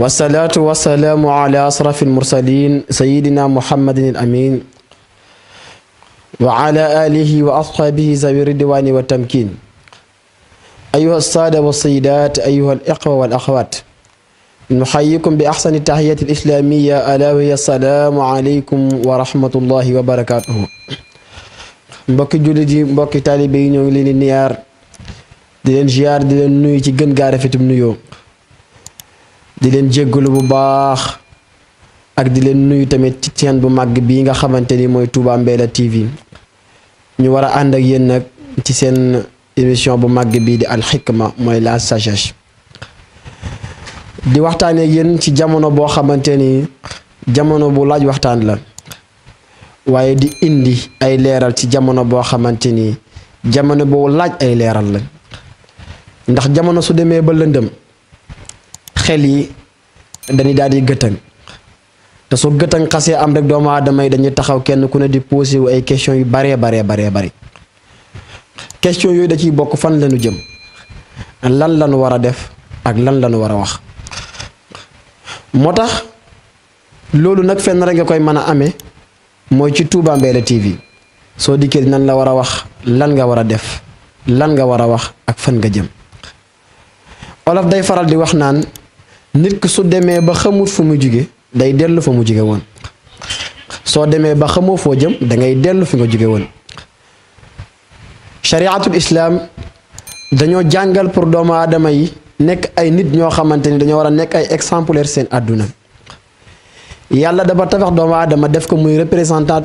والصلاة والسلام على أشرف المرسلين سيدنا محمد الأمين وعلى آله وأصحابه ذوي الردوان والتمكين أيها السادة والسيدات أيها الإخوة والأخوات نحييكم بأحسن التحية الإسلامية ألا وهي السلام عليكم ورحمة الله وبركاته mbokki jullit yi mbokki taalibe ñoo ngi leen di niyaar di leen ziar di leen nuyu ci gën gaa rafetum nuyoo di leen jéggalu bu baax ak di leen nuyu tamit ci seen bu màgg bii nga xamante ni mooy Touba Mbella TV ñu war a ànd ak yéen nag ci seen émission bu màgg bii di alxikma mooy la sagesse di waxtaanee yéen ci jamono boo xamante ni jamono bu laaj waxtaan la waaye di indi ay leeral ci jamono boo xamante ni jamono boo laaj ay leeral la ndax jamono su demee ba lëndëm xel yi dañuy daal di gëtëng te su gëtëng xasee am rek doomu aadama yi dañuy taxaw kenn ku ne di posé wu ay questions yu baree bare baree bari question yooyu da ciy bokk fan lañu jëm lan lañu war a def ak lan lañu war a wax moo tax loolu nag fenn rek nga koy mën a amee mooy ci Touba Mbella TV soo dikkee nan la war a wax lan nga war a def lan nga war a wax ak fan nga jëm olof day faral di wax naan nit ki su demee ba xamut fu mu jóge day dellu fa mu jóge woon soo demee ba xamoo foo jëm da ngay dellu fi nga jóge woon chariatul islaam dañoo jàngal pour doomu aadama yi nekk ay nit ñoo xamante ni dañoo war a nekk ay exemplaire seen àdduna yàlla dafa tabax doomu aadama def ko muy représentant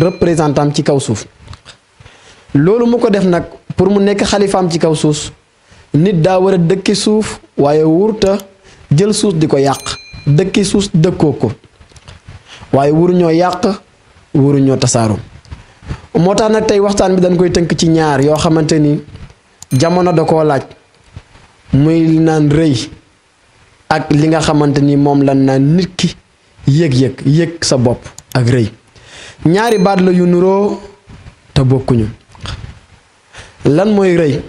représentant ci kaw suuf loolu mu ko def nag pour mu nekk xalifaam ci kaw suuf nit daa war a dëkki suuf waaye wurta jël suus di ko yàq dëkki suus dëkkoo ko waaye wuruñoo yàq wuruñoo tasaaru moo tax nag tey waxtaan bi dañ koy tënk ci ñaar yoo xamante ni jamono da koo laaj muy naan rëy ak li nga xamante ni moom lan naan nit ki yëg-yëg yëg sa bopp ak rëy ñaari baat la yu nuroo te bokkuñu lan mooy rëy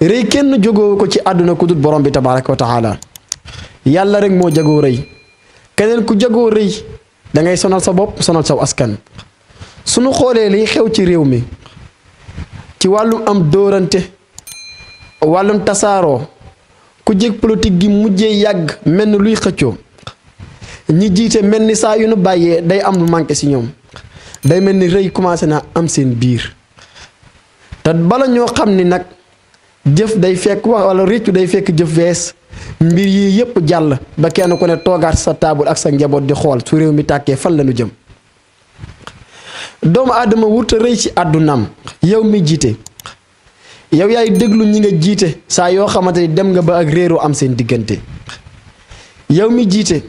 rëy kenn jógoo ko ci àdduna ku dut borom bi tabaraka wa taala yàlla rek moo jagoo rëy keneen ku jagoo rëy da ngay sonal sa bopp sonal saw askan sunu xoolee liy xew ci réew mi ci wàllum am doorante wàllum tasaaroo ku jég politique gi mujjee yàgg mel ni luy xëccoo ñi jiite mel ni saa yu nu bàyyee day am lu manqué ci ñoom day mel ni rëy commencé naa am seen biir te bala ñoo xam ni nag jëf day fekk wax wala réccu day fekk jëf wees mbir yii yëpp jàll ba kenn ku ne toogaat sa taabul ak sa njaboot di xool su réew mi tàkkee fan la ñu jëm doomu aadama wurta rëy ci àddunaam yow mi jiite yow yaay déglu ñi nga jiite saa yoo xamante ni dem nga ba ak réeru am seen diggante yow mi jiite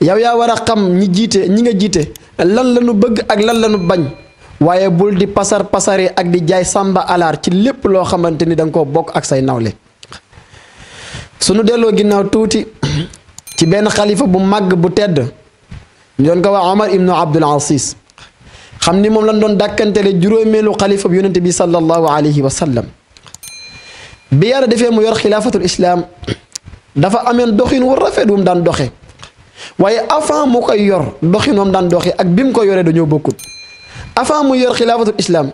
yow yaa war a xam ñi jiite ñi nga jiite lan la bëgg ak lan la ñu bañ waaye bul di pasar pasare ak di jaay sàmba alaar ci lépp loo xamante ni da ko bokk ak say nawle sunu delloo ginnaaw tuuti ci benn xalifa bu màgg bu tedd ñu doon ko wax Omar ibnu Abdul Aziz xam ni moom lañ doon dàkkantele juróomeelu xalifa bu yonente bi sallallahu alayhi wa sallam bi defee mu yor xilaafatul islaam dafa ameen doxin wu rafet wu mu daan doxe waaye avant mu koy yor doxin wam daan doxe ak bi mu ko yoree dañoo bokkut avant mu yor xilaafatul islaam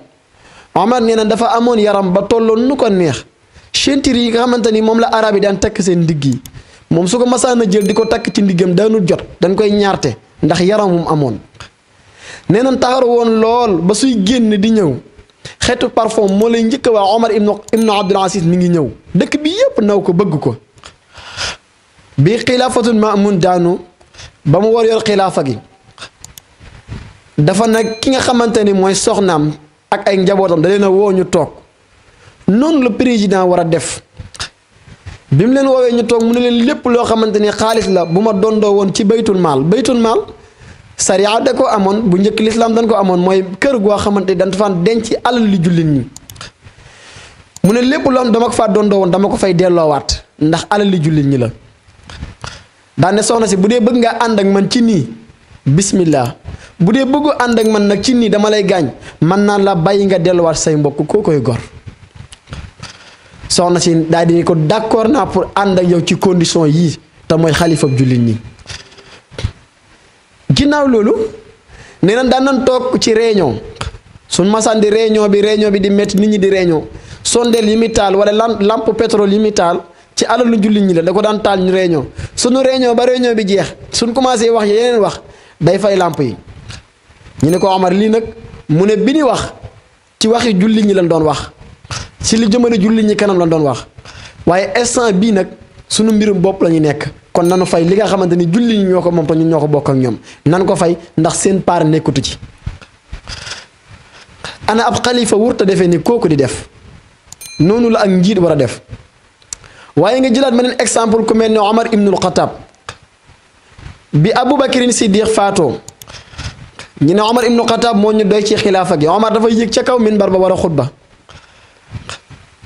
Omar nee na dafa amoon yaram ba tolloon nu ko neex ceinture yi nga xamante ni moom la arab yi daan takk seen ndigg yi moom su ko masaan a jël di ko takk ci ndiggam daanul jot dañ koy ñaarte ndax yaram mu amoon nee na taxaru woon lool ba suy génn di ñëw xeetu parfom moo lay njëkk a waa Omar ibnu ibnu Abdul Aziz mi ngi ñëw dëkk bi yépp naw ko bëgg ko bi xilaafatul Maamun daanu ba mu war yor xilaafa gi. dafa nag ki nga xamante ni mooy soxnaam ak ay njabootam da leen a woo ñu toog noonu la président war a def bi mu leen woowee ñu toog mu ne leen lépp loo xamante ni xaalis la bu ma dondoo woon ci baytul maal baytul maal sariya da ko amoon bu njëkk lislaam dañ ko amoon mooy kër goo xamante ni dañ faan denc alal li jullit ñi mu ne lépp loo xam dama ko fa dondoo woon dama ko fay delloowaat ndax alal li jullit ñi la daane soxna si bu dee bëgg nga ànd ak man ci nii bismillah budé bogo bëggu and ak man nak ci ni dama lay gañ man na la bay nga war say mbokk ko koy gor soxna ci daal di ko d'accord na pour and ak yow ci condition yii te mooy xalifab jullit ni ginaaw lolu nee na daan nañ ci réunion sun di réunion bi réunion bi di métti nit ñi di réunion sondel yi mi taal wala lampe pétrole yi mi taal ci alalu jullit ni la da ko dan taal ñu réunion sunu réunion ba réunion bi jeex sun commencé wax yeneen wax day fay lampe yi ñu ko Omar li nak mu ne bi ni wax ci waxi julli ñi lañ doon wax ci li jëmale julli ñi kanam lañ doon wax waye instant bi nak sunu mbirum bop lañu nekk kon nanu fay li nga xamanteni julli ñi ñoko mom moom te ñun ñoo ko ak ñom nan ko fay ndax seen par nekkutu ci ana ab khalifa wurta defé ni koku di def nonu la ak njiit wara def waye nga jëlat beneen exemple ku melni ne ibn al-khattab bi Aboubacrine Siddiq fatou ñu ne Omar ibnu Xataab moo ñu doy ci xilaafa gi Omar dafa yéeg ca kaw minbar ba war a xutba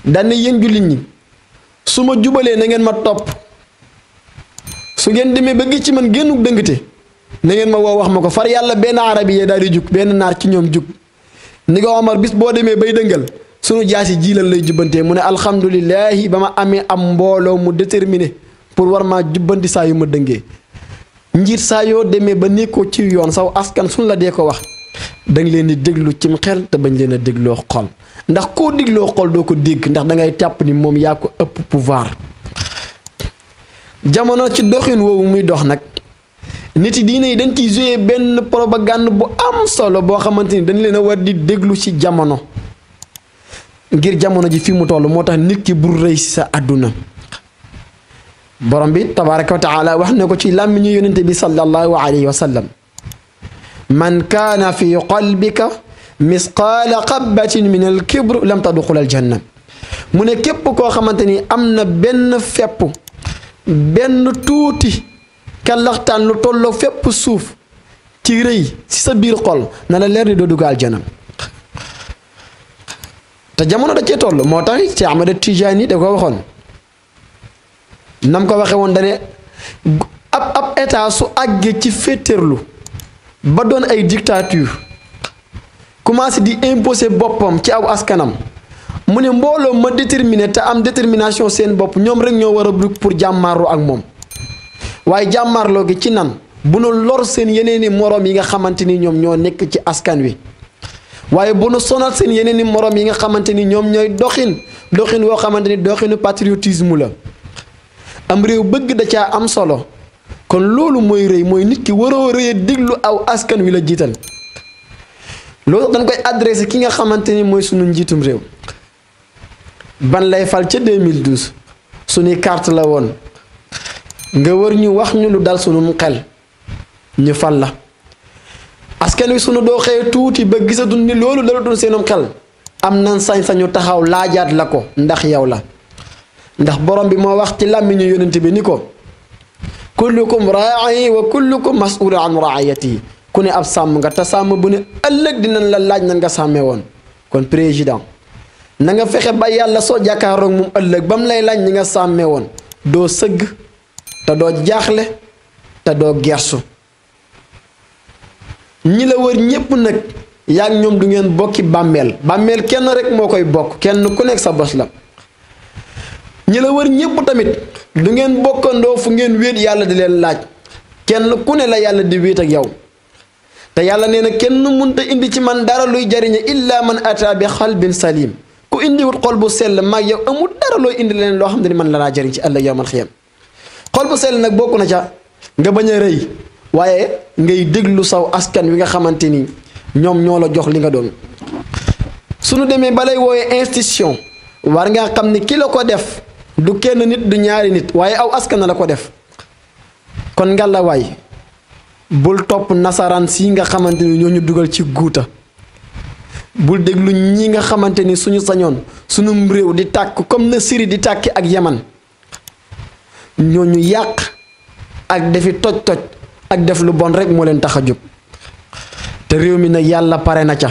dana yéen jullit ñi su ma jubalee na ngeen ma topp su ngeen demee ba gis ci man génnug dëngte na ngeen ma wow wax ma ko far yàlla benn arabi yee daal di jug benn naar ci ñoom jug ni ko Omar bis boo demee bay dëngal sunu jaasi jiilal lay jubbantee mu ne alhamdulilahi ba ma amee am mbooloo mu déterminé pour war maa jubbanti saa yu ma dëngee ngir saa yoo demee ba nekkoo ci yoon saw askan suñ la dee ko wax danga leen di déglu cim xel te bañ leen a dégloo xol ndax koo dégloo xol doo ko dégg ndax dangay tàpp ni moom yaa ko ëpp pouvoir jamono ci doxin woowu muy dox nag nit yi diine yi dañ ciy jouer benn propagande bu am solo boo xamante ni dañ leen a war di déglu ci jamono ngir jamono ji fi mu toll moo tax nit ki bul rëy si sa àdduna borom bi tabaraka wa wax na ko ci làmmiñu yonente bi sallallahu alayhi wa sallam man kaana fi qalbika misqaala qabbatin min alkibr lam tadxul aljanna mu ne képp koo xamante ni am na benn fepp benn tuuti kallaxtaan lu tolloo fépp suuf ci rëy ci sa biir xol na la leer ni doo dugg aljana te jamono da cee toll moo tax ci Ahmada Tijaani da ko waxoon nam ko waxee woon dane ab ab état su àggee ci féeterlu ba doon ay dictature commencé di imposer boppam ci aw askanam mu ne mbooloo ma déterminé te am détermination seen bopp ñoom rek ñoo war a bugg pour jàmmaarloo ak moom waaye jàmmaarloo gi ci nan bu nu lor seen yeneeni moroom yi nga xamante ni ñoom ñoo nekk ci askan wi waaye bu nu sonal seen yeneeni moroom yi nga xamante ni ñoom ñooy doxin doxin woo xamante ni doxinu patriotisme la am réew bëgg da caa am solo kon loolu mooy rëy mooy nit ki waroo rëy diglu aw askan wi la jiital loolu dañ koy adressé ki nga xamante ni mooy sunu njiitum réew ban lay fal ca 2012 suñuy carte la woon nga war ñu wax ñu lu dal sunum xel ñu fal la askan wi sunu doo dooxee tuuti ba gisatun ni loolu dala dun seenum xel am nan sañ-sañu taxaw laajaat la ko ndax yow la ndax borom bi moo wax ci làmmiñu yonent bi ni ko kullukum raayi wa kullukum mas'ulun an yi ku ne ab sàmm nga te sàmm bu ne ëllëg dinañ la laaj nan nga sàmmee woon kon président na nga fexe ba yàlla soo jàkkaaroog moom ëllëg ba mu lay laaj ñi nga sàmmee woon doo sëgg te doo jaaxle te doo gersu ñi la wër ñépp nag yaa ngi ñoom du ngeen bokki bàmmeel bàmmeel kenn rek moo koy bokk kenn ku nekk sa bos la ñi la wër ñépp tamit du ngeen bokkandoo fu ngeen wéet yàlla di leen laaj kenn ku ne la yàlla di wéet ak yow te yàlla nee na kenn munta indi ci man dara luy jariñe illaa man ata bi xalbin salim ku indiwut xol bu sell mag yow amul dara looy indi leen loo xam ne man la laa jariñ ci ëllëg yowmal xiyam xol bu sell nag bokk na ca nga bañ a rëy waaye ngay déglu saw askan wi nga xamante ni ñoom ñoo la jox li nga doon suñu demee balay wooyee institution war xam ne ki la ko def du kenn nit du ñaari nit waaye aw askan la ko def kon ngàllawaay bul topp nasaraan si nga xamante ni ñoo ñu dugal ci guuta bul déglu ñi nga xamante ni suñu sañoon suñum réew di tàkk comme na siri di tàkki ak Yaman ñoo ñu yàq ak defi toj-toj ak def lu bon rek moo leen tax a jóg te réew mi nag yàlla pare na ca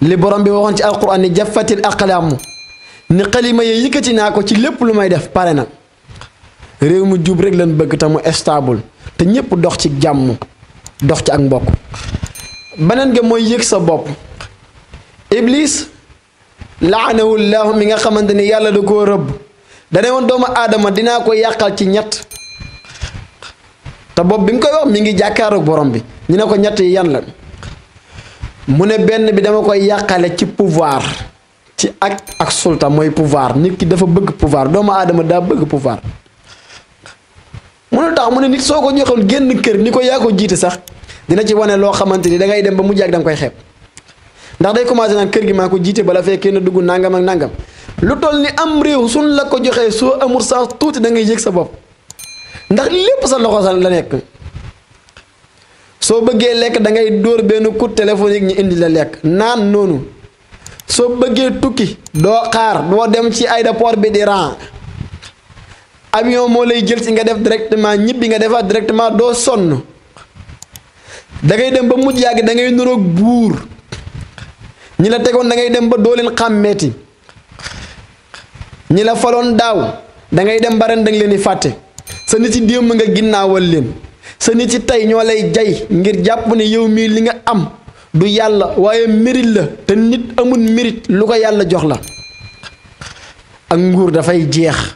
li borom bi waxoon ci alquran ni jaffatil aqlaamu ni xalima yi yëkkati naa ko ci lépp lu may def pare na réew mu jub rek lañ bëgg te mu stable te ñëpp dox ci jàmm dox ci ak mbokk beneen ga mooy yëg sa bopp iblis laanahu llaahu mi nga xamante ni yàlla da ko rëbb dane woon doomu aadama dinaa ko yàqal ci ñett te bopp bi nga koy wax mi ngi jàkkaaroog borom bi ñu ne ko ñett yi yan la mu ne benn bi dama koy yàqale ci pouvoir ci ak ak sulta mooy pouvoir nit ki dafa bëgg pouvoir doomu aadama daa bëgg pouvoir mënul tax mu ne nit soo ko joxoon génn kër ni ko yaa ko jiite sax dina ci wane loo xamante ni da ngay dem ba mu jàgg da nga koy xeeb ndax day commencé naan kër gi maa ko jiite bala fekkee na dugg nangam ak nangam lu toll ni am réew suñ la ko joxee soo amul sax tuuti da ngay yëg sa bopp ndax lépp sa loxo sa la nekk soo bëggee lekk da ngay dóor benn coup téléphonique ñu indi la lekk naan noonu. soo bëggee tukki doo xaar doo dem ci aéroport bi di ran avion moo lay jël si nga def directement ñibbi nga defaat directement doo sonn dangay dem ba mujj yàgg dangay nurook buur ñi la tegoon dangay dem ba doo leen xàmmeeti ñi la faloon daaw dangay dem ba ren da leen di fàtte sa nit yi démb nga ginnaawal leen sa nit yi tey ñoo lay jay ngir jàpp ni yow mii li nga am. du yalla waye mérite la te nit amul mérite lu ko yalla jox la ak nguur fay jeex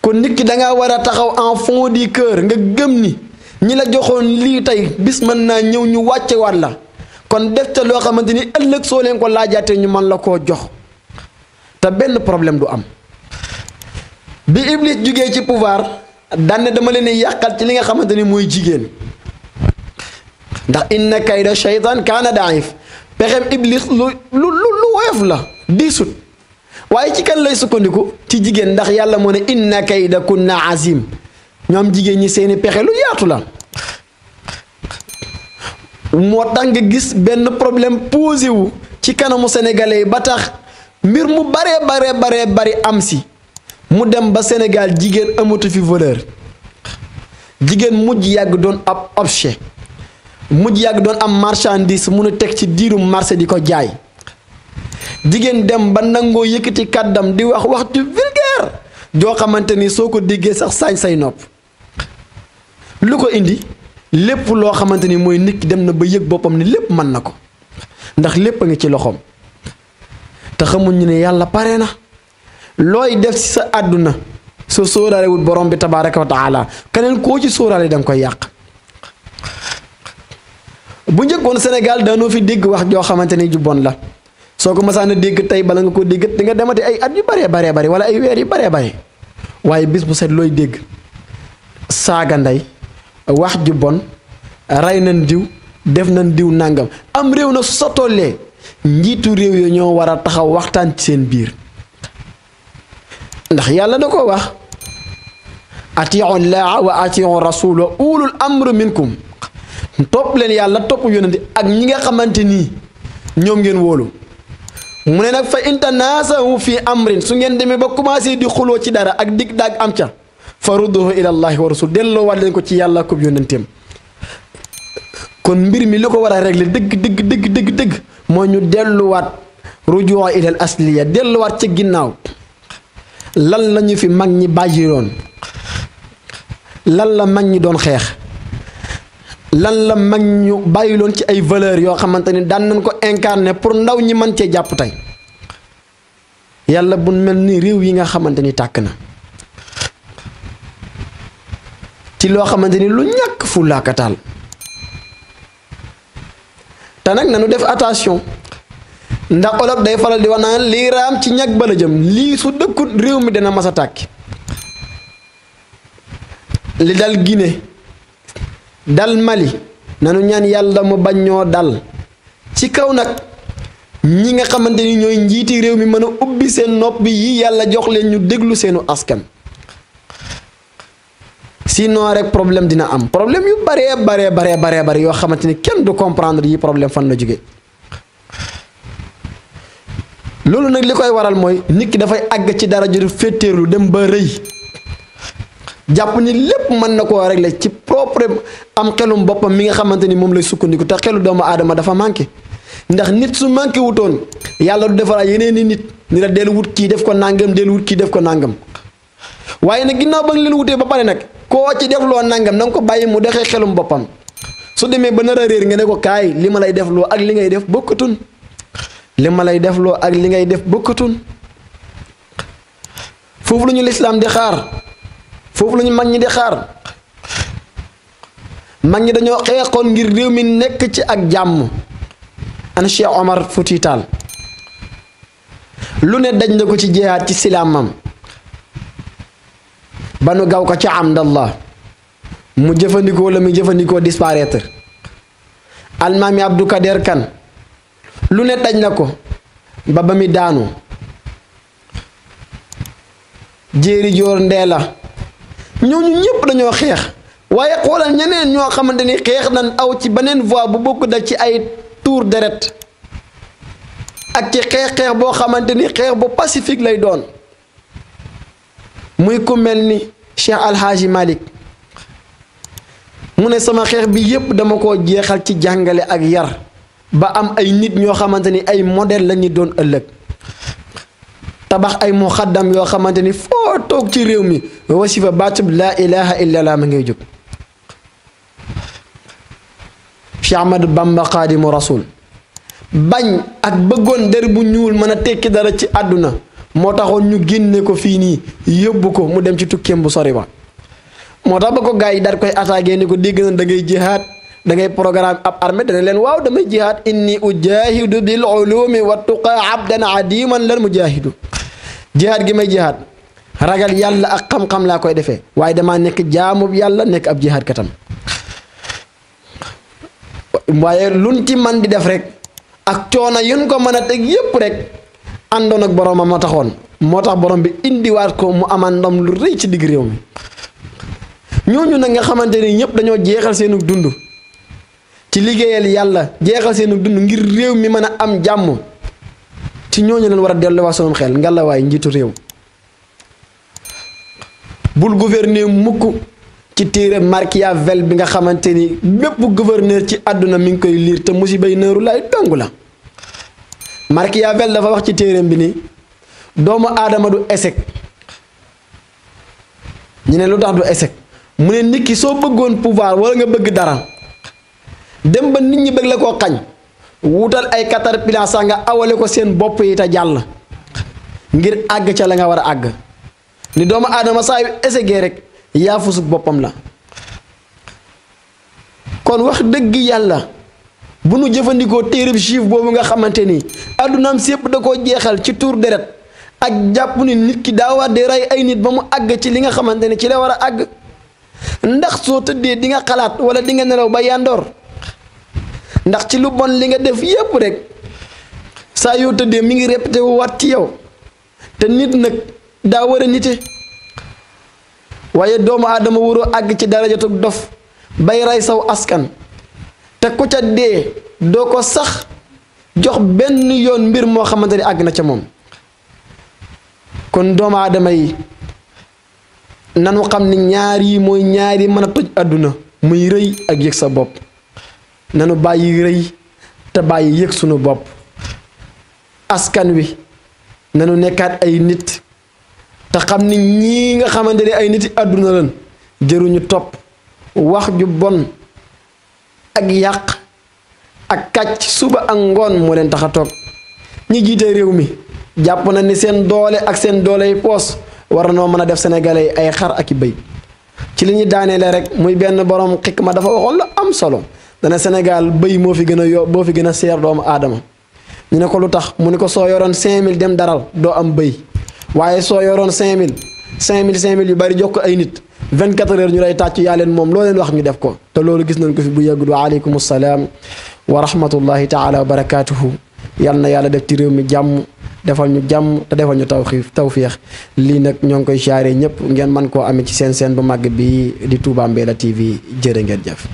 kon nit ki da nga a taxaw en fond du cœur nga gëm ni ñi la joxone li tay bis man na ñew ñu wàcce wat la kon def ta lo xamanteni ëlëk so leen ko laajaatee ñu man la ko jox te benn problème du am bi Iblis juggé ci pouvoir dan dama leen yakal ci li nga xamanteni moy jigen ndax inna kayda shaytan kana daif pexem iblis lu lu lu woyof la disut waaye ci kan lay sukkandiku ci jigen ndax yàlla mo ne inna kayda kunna azim ñom jigen ñi seeni pexe lu yaatu la mo tang nga gis ben problème posé wu ci kanamu sénégalais ba tax mbir mu bare bare bare bare am si mu dem ba Sénégal jigen amatu fi voleur jigen mujj yag doon ab objet mujj yàgg doon am marchandise mun a teg ci diirum marché di ko jaay jigéen dem ba nangoo yëkkati kàddam di wax waxtu vulgaire joo xamante ni soo ko diggee sax saañ say nopp lu ko indi lépp loo xamante ni mooy nit ki dem na ba yëg boppam ni lépp mën na ko ndax lépp a ngi ci loxoom te xamuñu ne yàlla pare na looy def ci sa àdduna soo sóoraalewul borom bi tabaaraka wa taala keneen koo ci sóoraale danga koy yàq bu njëkkoon Sénégal daanoo fi dégg wax joo xamante ni ju bon la soo ko masaan dégg tey bala nga ko déggat di nga demati ay at yu bare baree bari wala ay weer yu baree bari waaye bis bu set looy dégg saaga ndey wax ju bon rey na diw def na diw nàngam am réew na sa tollee njiitu réew yi ñoo war a taxaw waxtaan ci seen biir ndax yàlla da ko wax atiu llaaha wa atiu rasul wa ulul amri minkum topp leen yàlla topp yónente ak ñi nga xamante nii ñoom ngeen woolu mu ne nag fa intanaasahu fii amrin su ngeen demee ba commencé di xuloo ci dara ak digg daag am ca fa rudduhu ila allahi wa rasul delloo waat leen ko ci yàlla kub yónenteem kon mbir mi li ko war a régler dëgg dëgg dëgg dëgg dëgg mooy ñu delluwaat rujuu ila al asliya delluwaat ci ginnaaw lan lañu fi mag ñi bàyyiroon lan la mag ñi doon xeex lan la mag ñu bàyyiloon ci ay valeur yoo xamante ni daan nañ ko incarné pour ndaw ñi mën cee jàpp tey yàlla bu mel ni réew yi nga xamante ni tàkk na ci loo xamante ni lu ñàkk fu laakataal te nag nanu def attention ndax olof day faral di lii ci ñag bala jëm lii su dëkkut réew mi dana mas a li dal Guinée dal Mali nanu ñaan yàlla mu bañ ñoo dal ci kaw nag ñi nga xamante ni ñooy njiiti réew mi mën a ubbi seen nopp yi yàlla jox leen ñu déglu seenu askan si sinon rek problème dina am problème yu baree baree baree baree bare yoo xamante ni kenn du comprendre yi problème fan la jóge loolu nag li koy waral mooy nit ki dafay àgg ci dara ju féeteerlu dem ba rëy jàpp ni lépp mën na koo le ci propre am xelum boppam mi nga xamante ni moom lay sukkandiku te xelu doomu aadama dafa manqué ndax nit su manqué wutoon yàlla du defaraat yeneen i nit ni la dellu wut kii def ko nàngam dellu wut kii def ko nàngam waaye nag ginnaaw ba nga leen wutee ba pare nag koo ci def loo nàngam na nga ko bàyyi mu dexee xelum boppam su demee ba nar a réer nga ne ko kaay li ma lay def loo ak li ngay def bokkatun li ma lay def loo ak li ngay def bokkatun foofu la ñu di xaar foofu la mag ñi di xaar mag ñi dañoo xeexoon ngir réew mi nekk ci ak jàmm an Omar Fouti lu ne daj na ko ci jihaad ci silaamam ba nu gaw ko ci amdallah mu jëfandikoo la mu jëfandikoo disparaître almaami Abdou Kader Kan lu ne daj na ko ba ba mi daanu jéeri joor ndee la ñooñu ñëpp dañoo xeex waaye xoolal ñeneen ñoo xamante ni xeex na aw ci beneen voie bu bokk da ci ay tour deret ak ci xeex-xeex boo xamante ni xeex bu pacifique lay doon muy ku mel ni Cheikh Alhaaji Malick mu ne sama xeex bi yépp dama ko jeexal ci jàngale ak yar ba am ay nit ñoo xamante ni ay modèle la ñu doon ëllëg tabax ay muxaddam yoo xamante ni foo toog ci réew mi wasifa baatub laa ilaha illa laa ma ngay jóg Cheikh Ahmadu Bamba xaadimu rasul bañ ak bëggoon der bu ñuul mën a tekki dara ci àdduna moo taxoon ñu génne ko fii nii yóbbu ko mu dem ci tukkeem bu sori ba moo tax ba ko gaay yi daal koy attaqué ni ko dégg na da ngay jihaat da ngay programme ab armée dana leen waw dama jihad inni ujahidu bil ulumi wa tuqa abdan adiman lan mujahidu jihad gi may jihad ragal yalla ak xam-xam la koy defé waaye dama nek jaamub yalla nek ab jihad katam waye luñ ci man di def rek ak ciona yun ko meuna tek yep rek andon ak boromam ma taxone motax borom bi indiwaat ko mu amaan lu reuy ci digg mi nga xamanteni ñep dañoo seenu dundu ci liggéeyal yàlla jeexal seen dund ngir réew mi mën a am jàmm ci ñooñu leen war a delluwaat sama xel ngalawaay njiitu réew bul gouverner mukk ci téere Machiavel bi nga xamante ni bépp gouverneur ci àdduna mi ngi koy liir te musibay neeru lay dong la Machiavel dafa wax ci téereem bi ni doomu aadama du échec ñu ne lu tax du échec mu ne nit soo bëggoon pouvoir wala nga bëgg dara dem ba nit ñi bëgg la ko xañ wutal ay caterpillar nga awale ko seen bop yi ta jall ngir ag ci la nga war ag ni doomu aadama saa yu essayé rek yaa fusuk bopam la kon wax dëgg yalla bu nu jëfëndiko téereb juif bobu nga xamanteni ni addunaam sépp da ko jéxal ci tour deret ak japp ni nit ki daa war di ay nit ba mu àgg ci li nga xamanteni ci la war ag ndax so tëddee di nga xalaat wala di nga nelaw ba yandor ndax ci lu bon li nga def yépp rek sa yo tëddee mi ngi répété wu waat ci yow té nit nak da wara nité nite doomu adama wuro ag ci darajatu dof bay ray saw askan té ku ca dé do ko sax jox ben yoon mbir mo xamanteni ag na ca mom kon doomu adama yi nanu xamni ñaar yi moy ñaar yi mëna tuj aduna muy reuy ak yek sa bop nanu bàyyi rëy te bàyyi yëg sunu bopp askan wi nanu nekkaat ay nit te xam ni ñii nga xamante ne ay nit yi àdduna lan jëruñu topp wax ju bon ak yàq ak kàcc suba ak ngoon moo leen tax a toog ñi jiite réew mi jàpp na ni seen doole ak seen doole yi poos war noo mën a def sénégalais yi ay xar ak i ci li ñuy daaneele rek muy benn boroom borom ma dafa waxoon la am solo dana Sénégal bëy moo fi gën a yo boo fi gën a seer doomu aadama ñu ne ko lu tax mu ne ko soo yoroon 5000 dem daral doo am bëy waaye soo yoroon 5000 5000 5000 yu bari jox ko ay nit 24 heures ñu lay tàcc yaa leen moom loo leen wax ñu def ko te loolu gis nañ ko fi bu yàggul wa aleykum salaam wa rahmatullahi taala wa barakaatuhu yal na yàlla def ci réew mi jàmm defal ñu jàmm te defal ñu tawxiif tawfiix lii nag ñoo ngi koy jaaree ñëpp ngeen mën koo amee ci seen seen bu màgg bi di Touba Mbella TV jërë ngeen jëf.